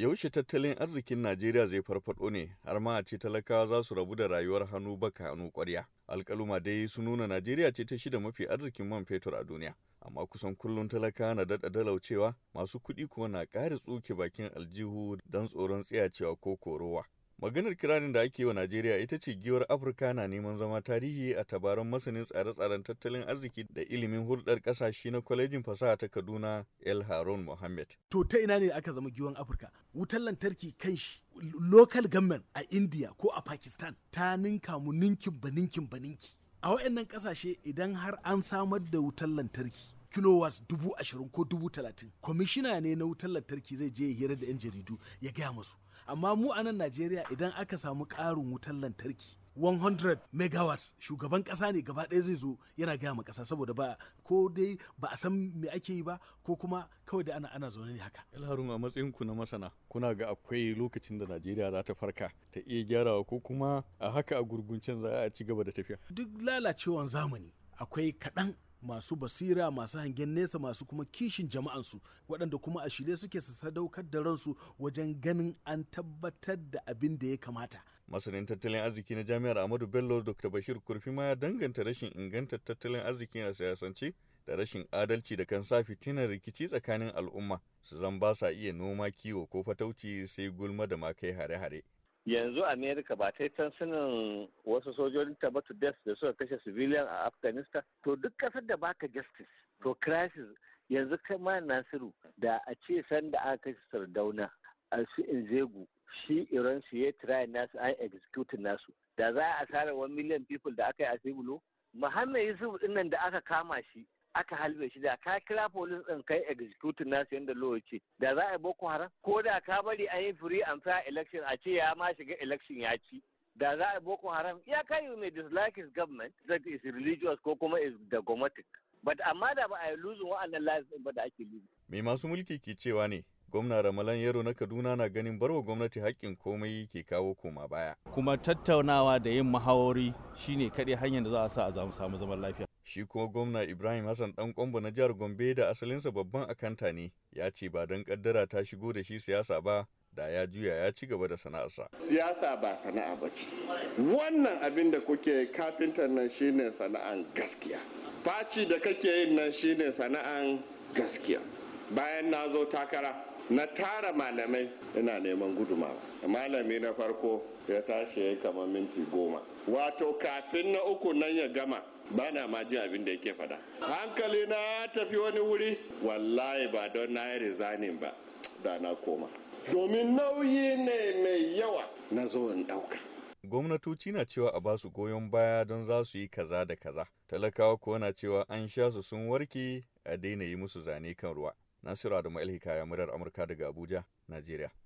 Yaushe tattalin arzikin Najeriya zai farfado ne har ma a ce talakawa za su rabu da rayuwar hannu baka hannu ƙwarya. alkaluma dai su nuna Najeriya ce ta shida mafi arzikin man fetur a duniya. Amma kusan kullum talakawa na daɗa dalaucewa masu kuɗi kuwa na ƙara tsuke bakin aljihu don tsoron tsayacewa ko korowa. Maganar kiranin da ake wa Najeriya ita ce giwar Afirka na neman zama tarihi a tabaron masanin tsare-tsaren tattalin arziki da ilimin hulɗar ƙasashe na kwalejin fasaha ta Kaduna El Harun Mohammed. To ta ina ne aka zama giwan Afirka? Wutar lantarki kan shi local government a India ko a Pakistan ta ninka mu ninkin ba ninkin ba ninki. A waɗannan ƙasashe idan har an samar da wutar lantarki kilowatts dubu ashirin ko dubu talatin kwamishina ne na wutar lantarki zai je ya hira da 'yan jaridu ya gaya masu amma mu a nan najeriya idan aka samu ƙarin wutar lantarki 100 megawatts shugaban ƙasa ne gaba ɗaya zai zo yana gaya ma ƙasa saboda ba ko dai ba a san me ake yi ba ko kuma kawai da ana ana zaune ne haka ilharun a matsayin ku na masana kuna ga akwai lokacin da najeriya za ta farka ta iya gyarawa ko kuma a haka a gurguncen za a ci gaba da tafiya duk lalacewan zamani akwai kaɗan masu basira masu hangen nesa masu kuma kishin jama'ansu waɗanda kuma a shirye suke su sadaukar da ransu wajen ganin an tabbatar da abin da ya kamata masanin tattalin arziki na jami'ar amadu bello dr bashir kurfi ma ya danganta rashin ingantar tattalin arziki na siyasance da rashin adalci da kan sa fitinar rikici tsakanin al'umma su zan ba sa iya noma kiwo ko fatauci sai gulma da ma kai hare-hare yanzu america ba ta yi tansanin wasu sojojin ta ba to da suka kashe civilian a afghanistan to duk kasar da baka justice to crisis yanzu kai ma nasiru da a ce sanda aka kashe sardauna a su inzegu shi iran su ya try nasu an execute nasu da za a asara 1 million people da aka yi a sibulo muhammad yusuf dinnan da aka kama shi aka halbe shi da ka kira polis din kai executive nasu yadda lawa ce da za a yi boko haram ko da ka bari an yi free and fair election a ce ya ma shiga election ya ci da za a yi boko haram ya kai you may dislike his government that is religious ko kuma is dogmatic but amma da ba a yi losing wa'annan lives din ba da ake losing mai masu mulki ke cewa ne gwamna ramalan yaro na kaduna na ganin barwa gwamnati hakkin komai ke kawo koma baya kuma tattaunawa da yin mahawari shine kaɗai hanyar da za a sa a samu zaman lafiya Shi kuma gwamna Ibrahim Hassan dan kwambo na jihar Gombe da asalinsa babban akanta ne, ya ce ba don kaddara ta shigo da shi siyasa ba, da ya juya ya ci gaba da sana'arsa. Siyasa ba sana'a ba ce. Wannan abin da kuke kafintar nan shine sana'an gaskiya. Faci da kake yin nan shine sana'an gaskiya. Bayan na zo takara, na tara malamai ina neman gudumawa malami na farko ya tashi ya kama minti goma wato kafin na uku nan ya gama ba na ma jin abin da yake faɗa hankali na tafi wani wuri wallahi ba don na yi rizanin ba da na koma domin nauyi ne mai yawa na zo in ɗauka gwamnatoci na cewa a basu goyon baya don za su yi kaza da kaza talakawa kuwa na cewa an sha su sun warke a daina yi musu zane kan ruwa nasiru adamu alhikaya murar amurka daga abuja najeriya